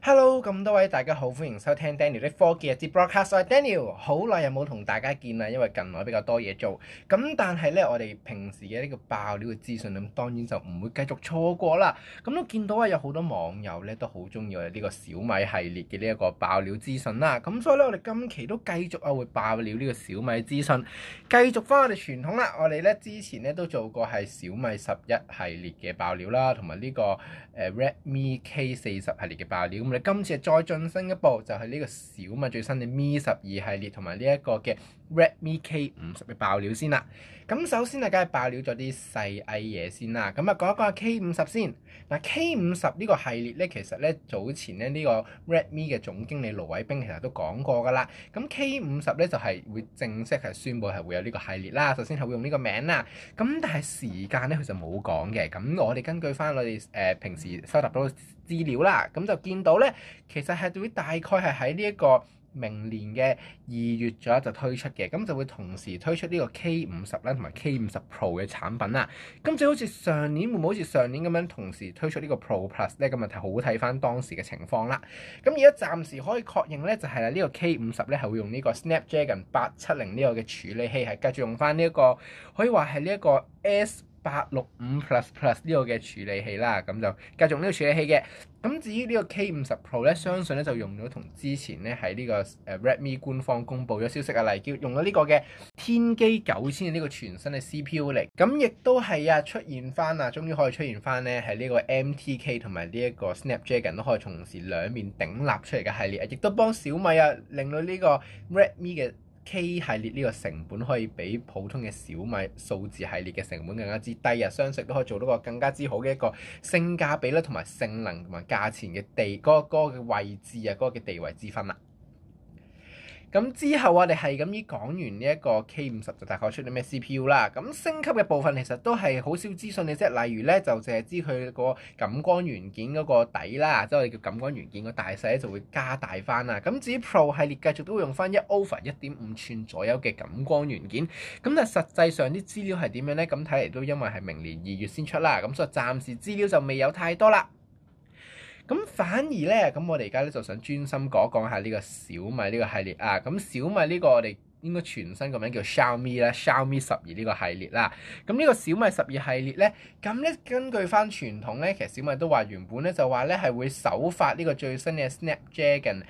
Hello，咁多位大家好，歡迎收聽 Daniel 的科技日誌 broadcast。我係 Daniel，好耐有冇同大家見啦？因為近來比較多嘢做，咁但係咧，我哋平時嘅呢個爆料嘅資訊咁當然就唔會繼續錯過啦。咁都見到啊，有好多網友咧都好鍾意我哋呢個小米系列嘅呢一個爆料資訊啦。咁所以咧，我哋今期都繼續啊會爆料呢個小米資訊，繼續翻我哋傳統啦。我哋咧之前咧都做過係小米十一系列嘅爆料啦，同埋呢個誒 Redmi K 四十系列嘅爆料。我哋今次再進新一步，就係呢個小米最新嘅 Mi 十二系列同埋呢一個嘅。Redmi K 五十嘅爆料先啦，咁首先啊，梗係爆料咗啲細藝嘢先啦，咁啊講一講下 K 五十先。嗱，K 五十呢個系列咧，其實咧早前咧呢、這個 Redmi 嘅總經理盧偉冰其實都講過噶啦。咁 K 五十咧就係、是、會正式係宣布係會有呢個系列啦，首先係會用呢個名啦。咁但係時間咧佢就冇講嘅。咁我哋根據翻我哋誒平時收集到資料啦，咁就見到咧，其實係會大概係喺呢一個。明年嘅二月左右就推出嘅，咁就會同時推出呢個 K 五十啦，同埋 K 五十 Pro 嘅產品啦。咁就好似上年，會唔會好似上年咁樣同時推出呢個 Pro Plus 呢個問題，好睇翻當時嘅情況啦。咁而家暫時可以確認呢，就係呢個 K 五十呢，係會用呢個 Snapdragon 八七零呢個嘅處理器，係繼續用翻呢一個可以話係呢一個 S。八六五 Plus Plus 呢個嘅處理器啦，咁就繼續呢個處理器嘅。咁至於呢個 K 五十 Pro 咧，相信咧就用咗同之前咧喺呢個誒 Redmi 官方公布咗消息啊，例叫用咗呢個嘅天璣九千嘅呢個全新嘅 CPU 嚟。咁亦都係啊出現翻啊，終於可以出現翻咧喺呢個 MTK 同埋呢一個 Snapdragon 都可以同時兩面頂立出嚟嘅系列，亦都幫小米啊令到呢個 Redmi 嘅。K 系列呢個成本可以比普通嘅小米數字系列嘅成本更加之低啊，相信都可以做到個更加之好嘅一個性價比啦，同埋性能同埋價錢嘅地嗰、嗰個個嘅位置啊，嗰、嗰個嘅地位之分啦。咁之後我哋係咁依講完呢一個 K 五十就大概出啲咩 CPU 啦，咁升級嘅部分其實都係好少資訊嘅啫，例如咧就淨係知佢個感光元件嗰個底啦，即係我哋叫感光元件個大細咧就會加大翻啦，咁至於 Pro 系列繼續都會用翻一 over 一點五寸左右嘅感光元件，咁但係實際上啲資料係點樣咧？咁睇嚟都因為係明年二月先出啦，咁所以暫時資料就未有太多啦。咁反而咧，咁我哋而家咧就想專心講講下呢個小米呢個系列啊。咁小米呢個我哋應該全新個名叫 Xiaomi 啦，Xiaomi 十二呢個系列啦。咁呢個小米十二系列咧，咁咧根據翻傳統咧，其實小米都話原本咧就話咧係會首發呢個最新嘅 Snapdragon。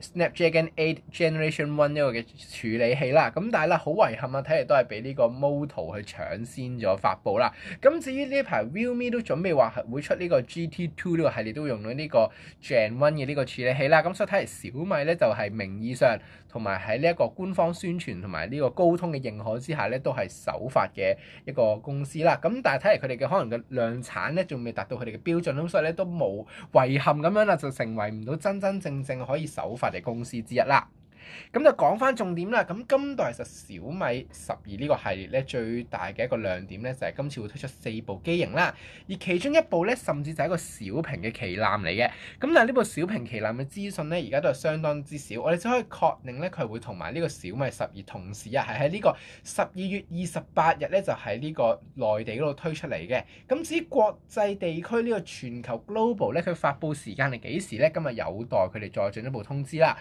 Snapdragon Eight Generation One 呢個嘅處理器啦，咁但係啦好遺憾啊，睇嚟都係俾呢個 Moto 去搶先咗發布啦。咁至於呢排 Realme 都準備話會出呢個 GT Two 呢個系列都用咗呢個 Gen One 嘅呢個處理器啦，咁所以睇嚟小米咧就係名義上同埋喺呢一個官方宣傳同埋呢個高通嘅認可之下咧，都係首發嘅一個公司啦。咁但係睇嚟佢哋嘅可能嘅量產咧仲未達到佢哋嘅標準，咁所以咧都冇遺憾咁樣啦，就成為唔到真真正正可以首發我哋公司之一啦。咁就講翻重點啦。咁今代其實小米十二呢個系列咧，最大嘅一個亮點咧，就係今次會推出四部機型啦。而其中一部咧，甚至就係一個小屏嘅旗艦嚟嘅。咁但係呢部小屏旗艦嘅資訊咧，而家都係相當之少。我哋只可以確定咧，佢會同埋呢個小米十二同時啊，係喺呢個十二月二十八日咧，就喺呢個內地嗰度推出嚟嘅。咁至於國際地區呢個全球 global 咧，佢發布時間係幾時咧？今日有待佢哋再進一步通知啦。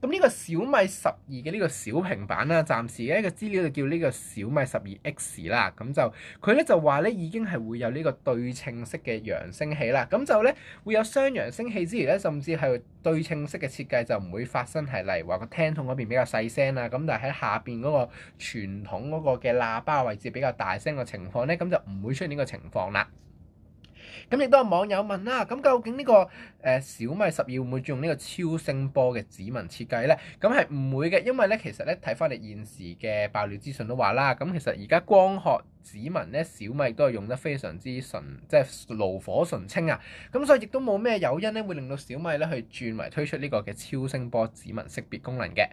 咁呢個小米十二嘅呢個小平板啦，暫時嘅一個資料就叫呢個小米十二 X 啦。咁就佢呢，就話呢已經係會有呢個對稱式嘅揚聲器啦。咁就呢，會有雙揚聲器之餘呢，甚至係對稱式嘅設計就唔會發生係例如話個聽筒嗰邊比較細聲啦。咁但係喺下邊嗰個傳統嗰個嘅喇叭位置比較大聲嘅情況呢，咁就唔會出現呢個情況啦。咁亦都有網友問啦，咁究竟呢個誒小米十二會唔會用呢個超聲波嘅指紋設計呢？咁係唔會嘅，因為呢其實呢，睇翻你現時嘅爆料資訊都話啦，咁其實而家光學指紋呢，小米都係用得非常之純，即係爐火純青啊！咁所以亦都冇咩誘因呢，會令到小米呢去轉為推出呢個嘅超聲波指紋識別功能嘅。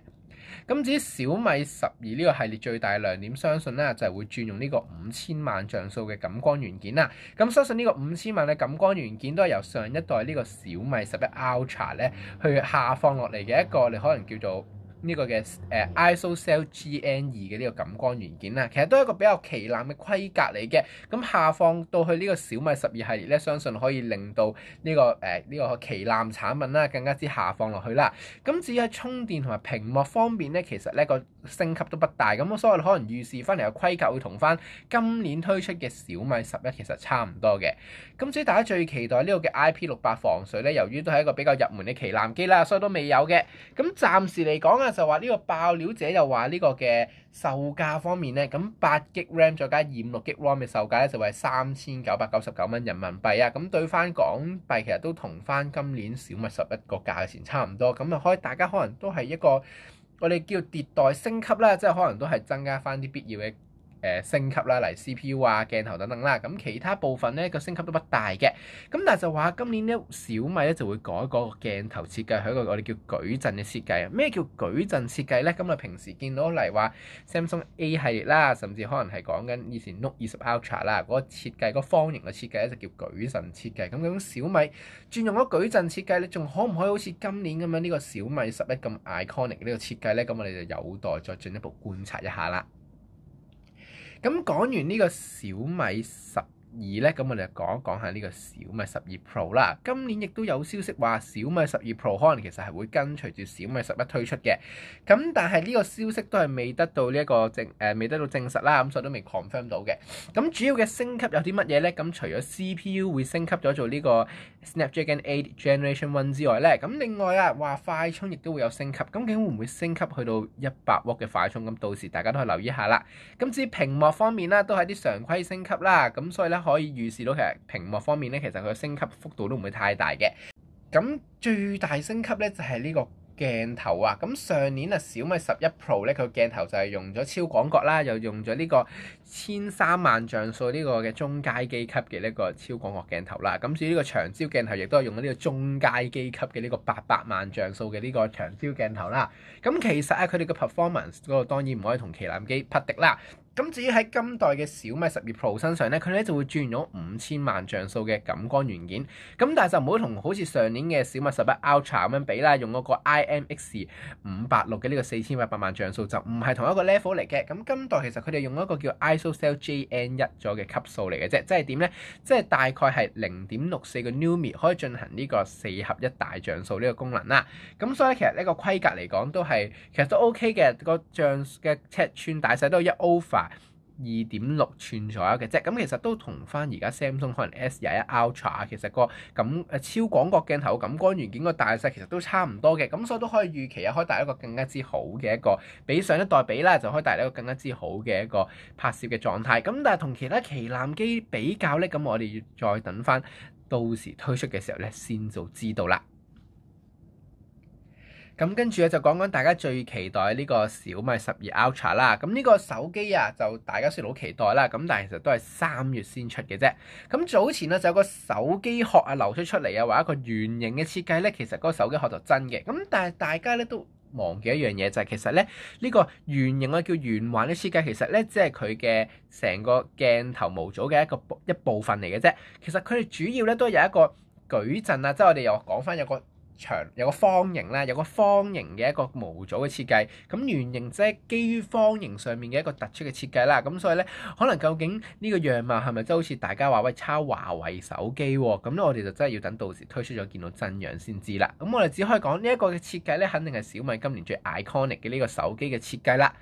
咁至於小米十二呢個系列最大嘅亮點，相信咧就係會轉用呢個五千萬像素嘅感光元件啦。咁相信呢個五千萬嘅感光元件都係由上一代呢個小米十一 Ultra 咧去下放落嚟嘅一個，你可能叫做，呢個嘅誒 ISOCELL GN 二嘅呢個感光元件啦，其實都係一個比較旗艦嘅規格嚟嘅，咁下放到去呢個小米十二系列咧，相信可以令到呢個誒呢個旗艦產品啦更加之下放落去啦。咁至於喺充電同埋屏幕方面咧，其實呢個升級都不大，咁所以我可能預示翻嚟嘅規格會同翻今年推出嘅小米十一其實差唔多嘅。咁所以大家最期待呢個嘅 IP 六八防水呢，由於都係一個比較入門嘅旗艦機啦，所以都未有嘅。咁暫時嚟講啊，就話呢個爆料者又話呢個嘅售價方面呢，咁八 G RAM 再加二五六 G ROM 嘅售價呢，就係三千九百九十九蚊人民幣啊。咁對翻港幣其實都同翻今年小米十一個價錢差唔多，咁啊可大家可能都係一個。我哋叫迭代升級咧，即係可能都係增加翻啲必要嘅。升級啦，例如 CPU 啊、鏡頭等等啦，咁其他部分咧個升級都不大嘅。咁但係就話今年呢，小米咧就會改個鏡頭設計，係一個我哋叫矩陣嘅設計。咩叫矩陣設計咧？咁啊，平時見到例如話 Samsung A 系列啦，甚至可能係講緊以前 Note 二十 Ultra 啦，嗰個設計、個方形嘅設計咧就叫矩陣設計。咁咁小米轉用咗矩陣設計，你仲可唔可以好似今年咁樣呢個小米十一咁 iconic 呢個設計咧？咁我哋就有待再進一步觀察一下啦。咁講完呢個小米十。二咧，咁我哋就講一講下呢個小米十二 Pro 啦。今年亦都有消息話小米十二 Pro 可能其實係會跟隨住小米十一推出嘅。咁但係呢個消息都係未得到呢一個證，誒、呃、未得到證實啦，咁所以都未 confirm 到嘅。咁主要嘅升級有啲乜嘢咧？咁除咗 CPU 會升級咗做呢個 Snapdragon Eight Generation One 之外咧，咁另外啊，話快充亦都會有升級。咁究竟會唔會升級去到一百瓦嘅快充？咁到時大家都係留意下啦。咁至於屏幕方面啦，都係啲常規升級啦。咁所以咧。可以預示到其實屏幕方面咧，其實佢嘅升級幅度都唔會太大嘅。咁最大升級咧就係呢個鏡頭啊。咁上年啊，小米十一 Pro 咧，佢個鏡頭就係用咗超廣角啦，又用咗呢個千三萬像素呢個嘅中階機級嘅呢個超廣角鏡頭啦。咁至於呢個長焦鏡頭，亦都係用咗呢個中階機級嘅呢個八百萬像素嘅呢個長焦鏡頭啦。咁其實啊，佢哋嘅 performance 嗰個當然唔可以同旗艦機匹敵啦。咁至於喺今代嘅小米十二 Pro 身上咧，佢咧就會轉用咗五千萬像素嘅感光元件。咁但係就唔好同好似上年嘅小米十一 Ultra 咁樣比啦，用嗰個 IMX 五八六嘅呢個四千八百萬像素就唔係同一個 level 嚟嘅。咁今代其實佢哋用一個叫 ISOCELL JN 一咗嘅級數嚟嘅啫，即係點咧？即係大概係零點六四個 n u m 米可以進行呢個四合一大像素呢個功能啦。咁所以其實呢個規格嚟講都係其實都 OK 嘅，個像素嘅尺寸大細都有一 over 二點六吋左右嘅啫，咁其實都同翻而家 Samsung 可能 S 廿一 Ultra 其實個感誒超廣角鏡頭感光元件個大細其實都差唔多嘅，咁所以都可以預期啊，可以帶一個更加之好嘅一個，比上一代比啦，就可以帶一個更加之好嘅一個拍攝嘅狀態。咁但係同其他旗艦機比較咧，咁我哋要再等翻到時推出嘅時候咧，先就知道啦。咁跟住咧就講講大家最期待呢個小米十二 Ultra 啦。咁呢個手機啊就大家雖然好期待啦，咁但係其實都係三月先出嘅啫。咁早前咧就有個手機殼啊流出出嚟啊，話一個圓形嘅設計咧，其實嗰手機殼就真嘅。咁但係大家咧都忘記一樣嘢就係、是、其實咧呢、這個圓形啊叫圓環嘅設計其實咧即係佢嘅成個鏡頭模組嘅一個一部分嚟嘅啫。其實佢哋主要咧都有一個矩陣啊，即係我哋又講返有個。長有個方形啦，有個方形嘅一個模組嘅設計，咁圓形即係基於方形上面嘅一個突出嘅設計啦。咁所以呢，可能究竟呢個樣貌係咪真係好似大家話喂，抄華為手機咁咧？我哋就真係要等到時推出咗見到真樣先知啦。咁我哋只可以講呢一個嘅設計呢，肯定係小米今年最 iconic 嘅呢個手機嘅設計啦。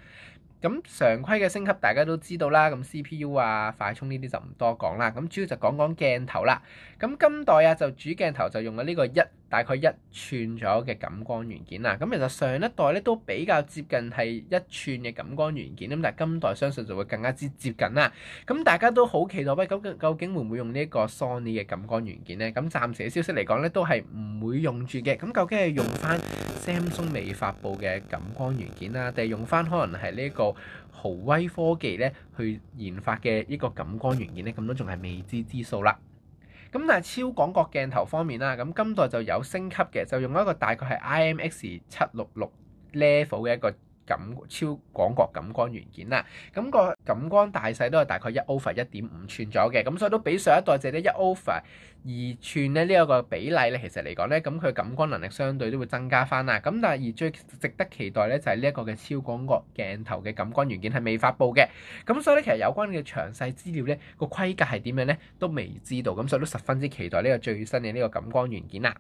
咁常規嘅升級大家都知道啦，咁 CPU 啊、快充呢啲就唔多講啦。咁主要就講講鏡頭啦。咁今代啊，就主鏡頭就用咗呢個一。大概一寸左右嘅感光元件啦，咁其實上一代咧都比較接近係一寸嘅感光元件，咁但係今代相信就會更加之接近啦。咁大家都好期待，喂，究竟究竟會唔會用呢一個 Sony 嘅感光元件咧？咁暫時嘅消息嚟講咧，都係唔會用住嘅。咁究竟係用翻 Samsung 未發布嘅感光元件啦，定係用翻可能係呢個豪威科技咧去研發嘅一個感光元件咧？咁都仲係未知之數啦。咁但係超廣角鏡頭方面啦，咁今代就有升級嘅，就用一個大概係 IMX 七六六 level 嘅一個。感超廣角感光元件啦，咁個感光大細都係大概一 over 一點五寸左右嘅，咁所以都比上一代借得一 over 二寸咧呢一個比例咧，其實嚟講咧，咁佢感光能力相對都會增加翻啦。咁但係而最值得期待咧就係呢一個嘅超廣角鏡頭嘅感光元件係未發布嘅，咁所以咧其實有關嘅詳細資料咧個規格係點樣咧都未知道，咁所以都十分之期待呢個最新嘅呢個感光元件啦。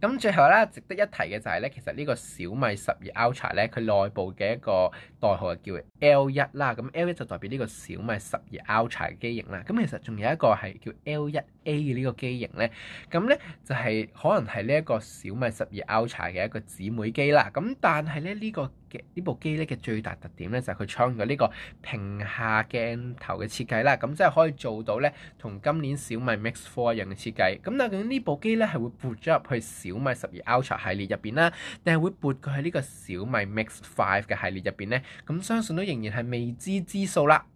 咁最後啦，值得一提嘅就係、是、咧，其實呢個小米十二 Ultra 咧，佢內部嘅一個代號叫 L 一啦。咁 L 一就代表呢個小米十二 Ultra 嘅機型啦。咁其實仲有一個係叫 L 一 A 嘅呢個機型咧。咁咧就係、是、可能係呢一個小米十二 Ultra 嘅一個姊妹機啦。咁但係咧呢、呢個呢部機咧嘅最大特點咧就係佢採用咗呢個屏下鏡頭嘅設計啦，咁即係可以做到咧同今年小米 Mix Four 一樣嘅設計。咁究竟呢部機咧係會撥咗入去小米十二 Ultra 系列入邊啦，定係會撥佢喺呢個小米 Mix Five 嘅系列入邊咧？咁相信都仍然係未知之數啦。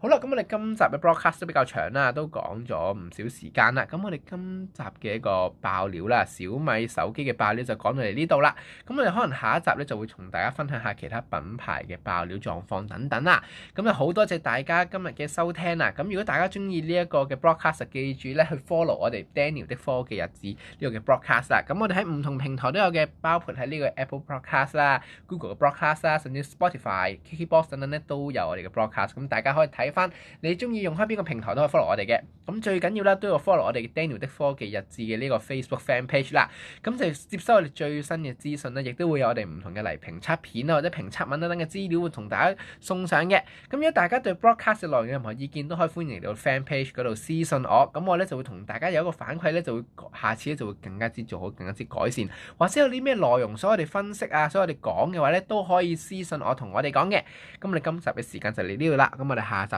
好啦，咁我哋今集嘅 broadcast 都比較長啦，都講咗唔少時間啦。咁我哋今集嘅一個爆料啦，小米手機嘅爆料就講到嚟呢度啦。咁我哋可能下一集咧就會同大家分享下其他品牌嘅爆料狀況等等啦。咁啊好多謝大家今日嘅收聽啦。咁如果大家中意呢一個嘅 broadcast，記住咧去 follow 我哋 Daniel 的科技日子呢、呢個嘅 broadcast 啦。咁我哋喺唔同平台都有嘅，包括喺呢個 Apple broadcast 啦、Google broadcast 啦，甚至 Spotify、KKBOX 等等咧都有我哋嘅 broadcast。咁大家可以睇翻你中意用開邊個平台都可以 follow 我哋嘅。咁最緊要咧都要 follow 我哋 Daniel 的科技日誌嘅呢個 Facebook fan page 啦，咁就接收我哋最新嘅資訊咧，亦都會有我哋唔同嘅嚟評測片啊或者評測文等等嘅資料會同大家送上嘅。咁如果大家對 broadcast 內容有任何意見，都可以歡迎嚟到 fan page 度私信我，咁我咧就會同大家有一個反饋咧，就會下次咧就會更加之做好更加之改善，或者有啲咩內容，所以我哋分析啊，所以我哋講嘅話咧都可以私信我同我哋講嘅。咁我哋今集嘅時間就嚟呢度啦，咁我哋下集。